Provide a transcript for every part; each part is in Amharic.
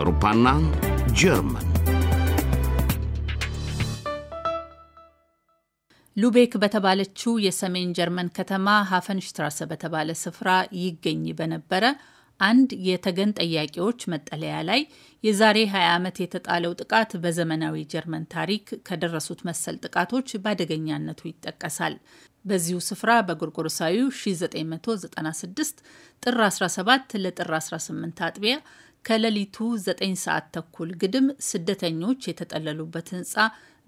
አውሮፓና ጀርመን ሉቤክ በተባለችው የሰሜን ጀርመን ከተማ ሀፈንሽትራሰ በተባለ ስፍራ ይገኝ በነበረ አንድ የተገን ጠያቂዎች መጠለያ ላይ የዛሬ 20 ዓመት የተጣለው ጥቃት በዘመናዊ ጀርመን ታሪክ ከደረሱት መሰል ጥቃቶች በአደገኛነቱ ይጠቀሳል። በዚሁ ስፍራ በጎርጎሮሳዊው 1996 ጥር 17 ለጥር 18 አጥቢያ ከሌሊቱ 9 ሰዓት ተኩል ግድም ስደተኞች የተጠለሉበት ህንፃ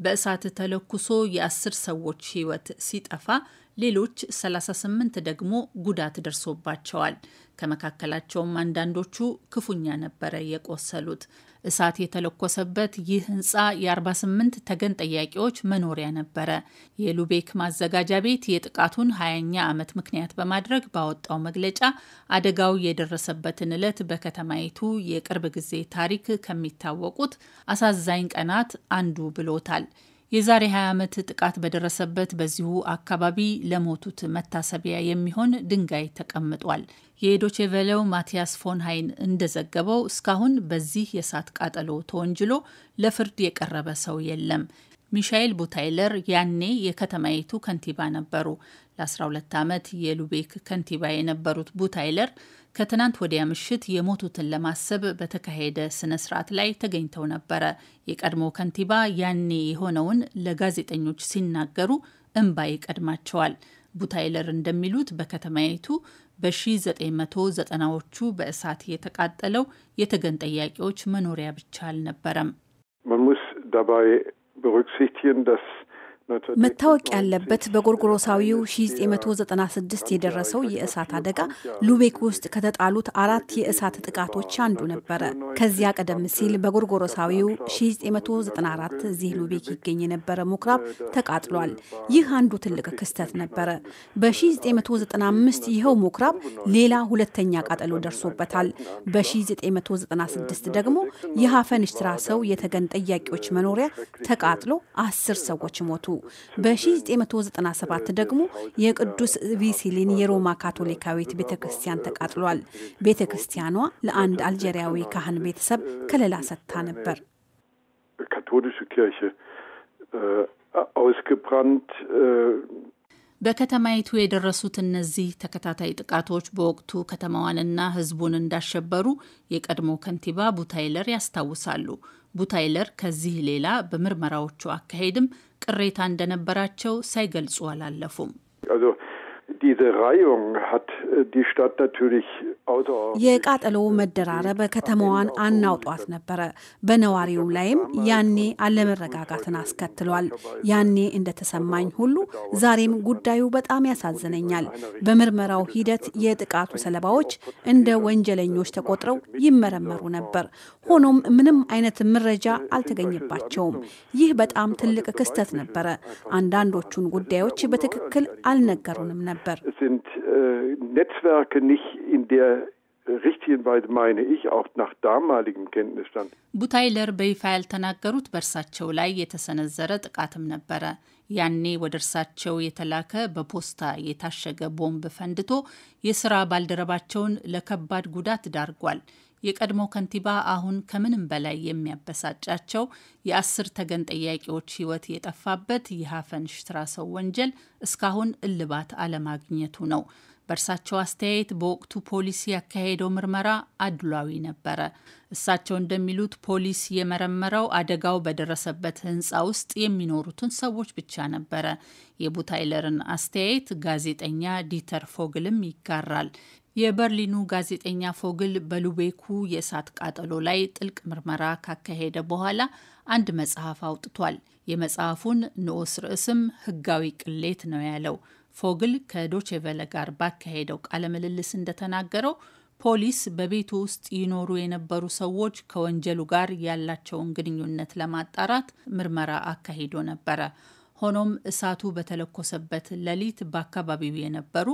በእሳት ተለኩሶ የአስር ሰዎች ህይወት ሲጠፋ ሌሎች 38 ደግሞ ጉዳት ደርሶባቸዋል። ከመካከላቸውም አንዳንዶቹ ክፉኛ ነበረ የቆሰሉት። እሳት የተለኮሰበት ይህ ህንፃ የ48 ተገን ጠያቂዎች መኖሪያ ነበረ። የሉቤክ ማዘጋጃ ቤት የጥቃቱን 20ኛ ዓመት ምክንያት በማድረግ ባወጣው መግለጫ አደጋው የደረሰበትን ዕለት በከተማይቱ የቅርብ ጊዜ ታሪክ ከሚታወቁት አሳዛኝ ቀናት አንዱ ብሎታል። የዛሬ 20 ዓመት ጥቃት በደረሰበት በዚሁ አካባቢ ለሞቱት መታሰቢያ የሚሆን ድንጋይ ተቀምጧል። የዶቼቬለው ማቲያስ ፎን ሃይን እንደዘገበው እስካሁን በዚህ የእሳት ቃጠሎ ተወንጅሎ ለፍርድ የቀረበ ሰው የለም። ሚሻኤል ቡታይለር ያኔ የከተማይቱ ከንቲባ ነበሩ። ለ12 ዓመት የሉቤክ ከንቲባ የነበሩት ቡታይለር ከትናንት ወዲያ ምሽት የሞቱትን ለማሰብ በተካሄደ ስነ ስርዓት ላይ ተገኝተው ነበረ። የቀድሞ ከንቲባ ያኔ የሆነውን ለጋዜጠኞች ሲናገሩ እንባ ይቀድማቸዋል። ቡታይለር እንደሚሉት በከተማይቱ በ1990ዎቹ በእሳት የተቃጠለው የተገን ጠያቂዎች መኖሪያ ብቻ አልነበረም። መታወቅ ያለበት በጎርጎሮሳዊው 1996 የደረሰው የእሳት አደጋ ሉቤክ ውስጥ ከተጣሉት አራት የእሳት ጥቃቶች አንዱ ነበረ። ከዚያ ቀደም ሲል በጎርጎሮሳዊው 1994 እዚህ ሉቤክ ይገኝ የነበረ ምኩራብ ተቃጥሏል። ይህ አንዱ ትልቅ ክስተት ነበረ። በ1995 ይኸው ምኩራብ ሌላ ሁለተኛ ቃጠሎ ደርሶበታል። በ1996 ደግሞ ስራ ሰው የተገን ጠያቂዎች መኖሪያ ተቃጥሎ አስር ሰዎች ሞቱ። በ1997 ደግሞ የቅዱስ ቪሲሊን የሮማ ካቶሊካዊት ቤተ ክርስቲያን ተቃጥሏል። ቤተ ክርስቲያኗ ለአንድ አልጄሪያዊ ካህን ቤተሰብ ከለላ ሰጥታ ነበር። በከተማይቱ የደረሱት እነዚህ ተከታታይ ጥቃቶች በወቅቱ ከተማዋንና ሕዝቡን እንዳሸበሩ የቀድሞ ከንቲባ ቡታይለር ያስታውሳሉ። ቡታይለር ከዚህ ሌላ በምርመራዎቹ አካሄድም ቅሬታ እንደነበራቸው ሳይገልጹ አላለፉም። diese Reihung hat die Stadt natürlich የቃጠሎ መደራረብ ከተማዋን አናውጧት ነበረ። በነዋሪው ላይም ያኔ አለመረጋጋትን አስከትሏል። ያኔ እንደተሰማኝ ሁሉ ዛሬም ጉዳዩ በጣም ያሳዝነኛል። በምርመራው ሂደት የጥቃቱ ሰለባዎች እንደ ወንጀለኞች ተቆጥረው ይመረመሩ ነበር። ሆኖም ምንም አይነት መረጃ አልተገኘባቸውም። ይህ በጣም ትልቅ ክስተት ነበረ። አንዳንዶቹን ጉዳዮች በትክክል አልነገሩንም ነበር። Äh, Netzwerke nicht in der richtigen Weise meine ich auch nach damaligem Kenntnisstand. ቡታይለር በይፋ ያልተናገሩት በእርሳቸው ላይ የተሰነዘረ ጥቃትም ነበረ። ያኔ ወደ እርሳቸው የተላከ በፖስታ የታሸገ ቦምብ ፈንድቶ የስራ ባልደረባቸውን ለከባድ ጉዳት ዳርጓል። የቀድሞ ከንቲባ አሁን ከምንም በላይ የሚያበሳጫቸው የአስር ተገን ጠያቂዎች ህይወት የጠፋበት የሀፈን ሽትራሰው ወንጀል እስካሁን እልባት አለማግኘቱ ነው። በእርሳቸው አስተያየት በወቅቱ ፖሊስ ያካሄደው ምርመራ አድሏዊ ነበረ። እሳቸው እንደሚሉት ፖሊስ የመረመረው አደጋው በደረሰበት ህንፃ ውስጥ የሚኖሩትን ሰዎች ብቻ ነበረ። የቡታይለርን አስተያየት ጋዜጠኛ ዲተር ፎግልም ይጋራል። የበርሊኑ ጋዜጠኛ ፎግል በሉቤኩ የእሳት ቃጠሎ ላይ ጥልቅ ምርመራ ካካሄደ በኋላ አንድ መጽሐፍ አውጥቷል። የመጽሐፉን ንዑስ ርዕስም ህጋዊ ቅሌት ነው ያለው። ፎግል ከዶቼቨለ ጋር ባካሄደው ቃለ ምልልስ እንደተናገረው ፖሊስ በቤቱ ውስጥ ይኖሩ የነበሩ ሰዎች ከወንጀሉ ጋር ያላቸውን ግንኙነት ለማጣራት ምርመራ አካሂዶ ነበረ። ሆኖም እሳቱ በተለኮሰበት ሌሊት በአካባቢው የነበሩ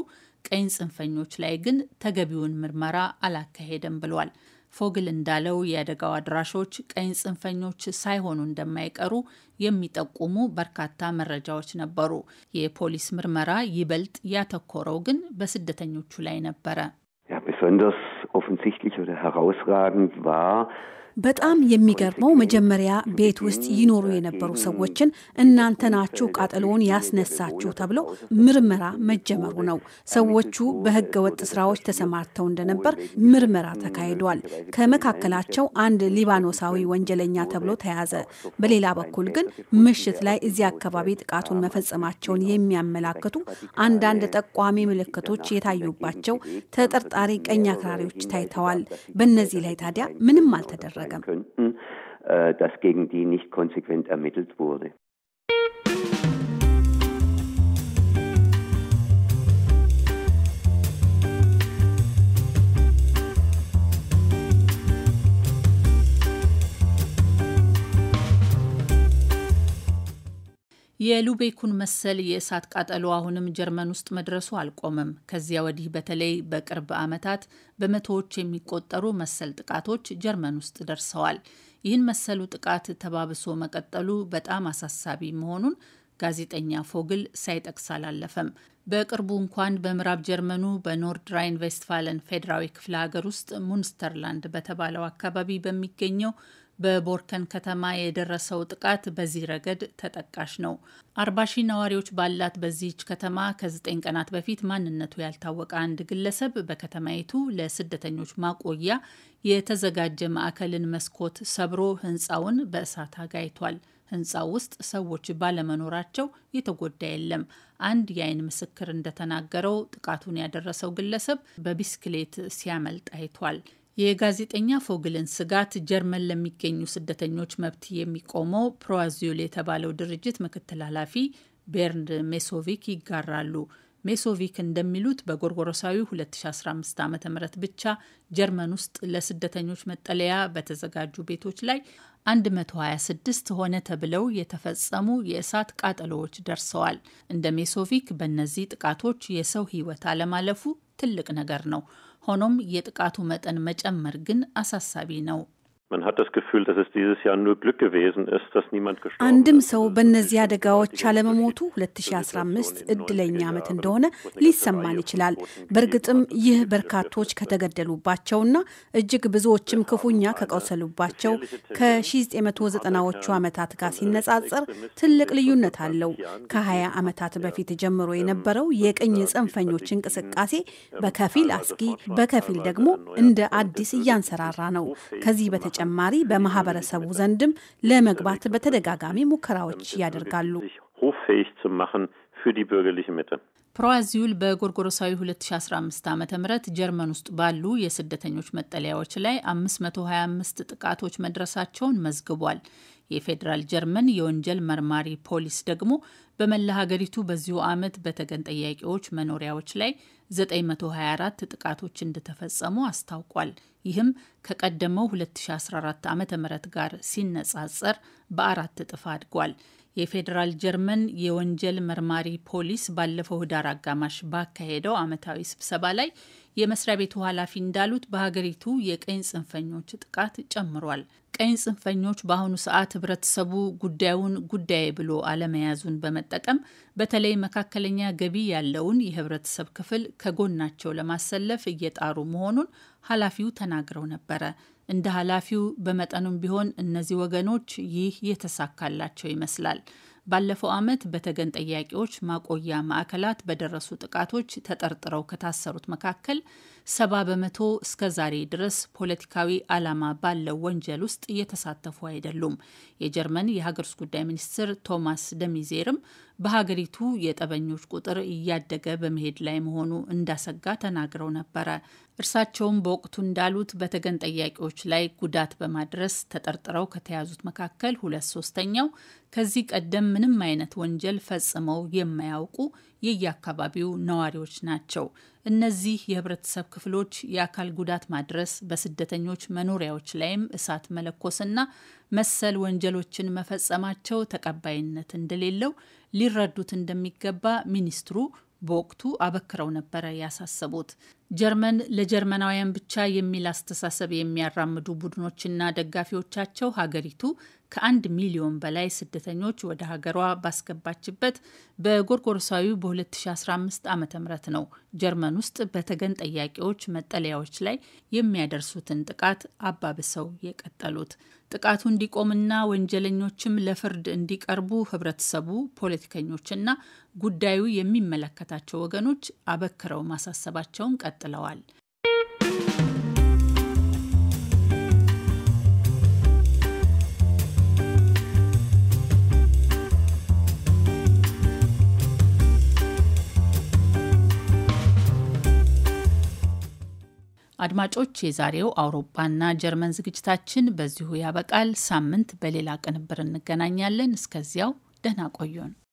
ቀኝ ጽንፈኞች ላይ ግን ተገቢውን ምርመራ አላካሄደም ብሏል። ፎግል እንዳለው የአደጋው አድራሾች ቀኝ ጽንፈኞች ሳይሆኑ እንደማይቀሩ የሚጠቁሙ በርካታ መረጃዎች ነበሩ። የፖሊስ ምርመራ ይበልጥ ያተኮረው ግን በስደተኞቹ ላይ ነበረ። በጣም የሚገርመው መጀመሪያ ቤት ውስጥ ይኖሩ የነበሩ ሰዎችን እናንተ ናችሁ ቃጠሎውን ያስነሳችሁ ተብለው ምርመራ መጀመሩ ነው። ሰዎቹ በህገ ወጥ ስራዎች ተሰማርተው እንደነበር ምርመራ ተካሂዷል። ከመካከላቸው አንድ ሊባኖሳዊ ወንጀለኛ ተብሎ ተያዘ። በሌላ በኩል ግን ምሽት ላይ እዚህ አካባቢ ጥቃቱን መፈጸማቸውን የሚያመላክቱ አንዳንድ ጠቋሚ ምልክቶች የታዩባቸው ተጠርጣሪ ቀኝ አክራሪዎች ታይተዋል። በእነዚህ ላይ ታዲያ ምንም አልተደረገ። könnten, äh, dass gegen die nicht konsequent ermittelt wurde. የሉቤኩን መሰል የእሳት ቃጠሎ አሁንም ጀርመን ውስጥ መድረሱ አልቆመም። ከዚያ ወዲህ በተለይ በቅርብ ዓመታት በመቶዎች የሚቆጠሩ መሰል ጥቃቶች ጀርመን ውስጥ ደርሰዋል። ይህን መሰሉ ጥቃት ተባብሶ መቀጠሉ በጣም አሳሳቢ መሆኑን ጋዜጠኛ ፎግል ሳይጠቅስ አላለፈም። በቅርቡ እንኳን በምዕራብ ጀርመኑ በኖርድ ራይን ቬስትፋለን ፌዴራዊ ክፍለ ሀገር ውስጥ ሙንስተርላንድ በተባለው አካባቢ በሚገኘው በቦርከን ከተማ የደረሰው ጥቃት በዚህ ረገድ ተጠቃሽ ነው። አርባ ሺህ ነዋሪዎች ባላት በዚህች ከተማ ከዘጠኝ ቀናት በፊት ማንነቱ ያልታወቀ አንድ ግለሰብ በከተማይቱ ለስደተኞች ማቆያ የተዘጋጀ ማዕከልን መስኮት ሰብሮ ሕንፃውን በእሳት አጋይቷል። ህንፃው ውስጥ ሰዎች ባለመኖራቸው የተጎዳ የለም። አንድ የአይን ምስክር እንደተናገረው ጥቃቱን ያደረሰው ግለሰብ በቢስክሌት ሲያመልጥ አይቷል። የጋዜጠኛ ፎግልን ስጋት ጀርመን ለሚገኙ ስደተኞች መብት የሚቆመው ፕሮዋዚዮል የተባለው ድርጅት ምክትል ኃላፊ ቤርንድ ሜሶቪክ ይጋራሉ። ሜሶቪክ እንደሚሉት በጎርጎሮሳዊ 2015 ዓ ም ብቻ ጀርመን ውስጥ ለስደተኞች መጠለያ በተዘጋጁ ቤቶች ላይ 126 ሆነ ተብለው የተፈጸሙ የእሳት ቃጠሎዎች ደርሰዋል። እንደ ሜሶቪክ በእነዚህ ጥቃቶች የሰው ሕይወት አለማለፉ ትልቅ ነገር ነው። ሆኖም የጥቃቱ መጠን መጨመር ግን አሳሳቢ ነው። Man hat das Gefühl, dass es dieses Jahr nur Glück gewesen ist, dass niemand gestorben አንድም ሰው በእነዚህ አደጋዎች አለመሞቱ 2015 እድለኛ ዓመት እንደሆነ ሊሰማን ይችላል። በእርግጥም ይህ በርካቶች ከተገደሉባቸውና እጅግ ብዙዎችም ክፉኛ ከቆሰሉባቸው ከ1990ዎቹ ዓመታት ጋር ሲነጻጸር ትልቅ ልዩነት አለው። ከ20 ዓመታት በፊት ጀምሮ የነበረው የቅኝ ጽንፈኞች እንቅስቃሴ በከፊል አስጊ፣ በከፊል ደግሞ እንደ አዲስ እያንሰራራ ነው። ከዚህ በተጨ በተጨማሪ በማህበረሰቡ ዘንድም ለመግባት በተደጋጋሚ ሙከራዎች ያደርጋሉ። ፕሮአዚዩል በጎርጎሮሳዊ 2015 ዓ ም ጀርመን ውስጥ ባሉ የስደተኞች መጠለያዎች ላይ 525 ጥቃቶች መድረሳቸውን መዝግቧል። የፌዴራል ጀርመን የወንጀል መርማሪ ፖሊስ ደግሞ በመላ ሀገሪቱ በዚሁ ዓመት በተገን ጠያቂዎች መኖሪያዎች ላይ 924 ጥቃቶች እንደተፈጸሙ አስታውቋል። ይህም ከቀደመው 2014 ዓ ም ጋር ሲነጻጸር በአራት እጥፍ አድጓል። የፌዴራል ጀርመን የወንጀል መርማሪ ፖሊስ ባለፈው ህዳር አጋማሽ ባካሄደው ዓመታዊ ስብሰባ ላይ የመስሪያ ቤቱ ኃላፊ እንዳሉት በሀገሪቱ የቀኝ ጽንፈኞች ጥቃት ጨምሯል። ቀኝ ጽንፈኞች በአሁኑ ሰዓት ህብረተሰቡ ጉዳዩን ጉዳይ ብሎ አለመያዙን በመጠቀም በተለይ መካከለኛ ገቢ ያለውን የህብረተሰብ ክፍል ከጎናቸው ለማሰለፍ እየጣሩ መሆኑን ኃላፊው ተናግረው ነበረ። እንደ ኃላፊው በመጠኑም ቢሆን እነዚህ ወገኖች ይህ የተሳካላቸው ይመስላል። ባለፈው ዓመት በተገን ጠያቂዎች ማቆያ ማዕከላት በደረሱ ጥቃቶች ተጠርጥረው ከታሰሩት መካከል ሰባ በመቶ እስከ ዛሬ ድረስ ፖለቲካዊ ዓላማ ባለው ወንጀል ውስጥ እየተሳተፉ አይደሉም። የጀርመን የሀገር ውስጥ ጉዳይ ሚኒስትር ቶማስ ደሚዜርም በሀገሪቱ የጠበኞች ቁጥር እያደገ በመሄድ ላይ መሆኑ እንዳሰጋ ተናግረው ነበረ። እርሳቸውም በወቅቱ እንዳሉት በተገን ጠያቂዎች ላይ ጉዳት በማድረስ ተጠርጥረው ከተያዙት መካከል ሁለት ሶስተኛው ከዚህ ቀደም ምንም አይነት ወንጀል ፈጽመው የማያውቁ የየአካባቢው ነዋሪዎች ናቸው። እነዚህ የህብረተሰብ ክፍሎች የአካል ጉዳት ማድረስ፣ በስደተኞች መኖሪያዎች ላይም እሳት መለኮስና መሰል ወንጀሎችን መፈጸማቸው ተቀባይነት እንደሌለው ሊረዱት እንደሚገባ ሚኒስትሩ በወቅቱ አበክረው ነበረ ያሳሰቡት። ጀርመን ለጀርመናውያን ብቻ የሚል አስተሳሰብ የሚያራምዱ ቡድኖችና ደጋፊዎቻቸው ሀገሪቱ ከአንድ ሚሊዮን በላይ ስደተኞች ወደ ሀገሯ ባስገባችበት በጎርጎርሳዊ በ2015 ዓ ም ነው ጀርመን ውስጥ በተገን ጠያቂዎች መጠለያዎች ላይ የሚያደርሱትን ጥቃት አባብሰው የቀጠሉት። ጥቃቱ እንዲቆምና ወንጀለኞችም ለፍርድ እንዲቀርቡ ህብረተሰቡ፣ ፖለቲከኞችና ጉዳዩ የሚመለከታቸው ወገኖች አበክረው ማሳሰባቸውን ቀጥ ቀጥለዋል። አድማጮች፣ የዛሬው አውሮፓና ጀርመን ዝግጅታችን በዚሁ ያበቃል። ሳምንት በሌላ ቅንብር እንገናኛለን። እስከዚያው ደህና ቆዩን።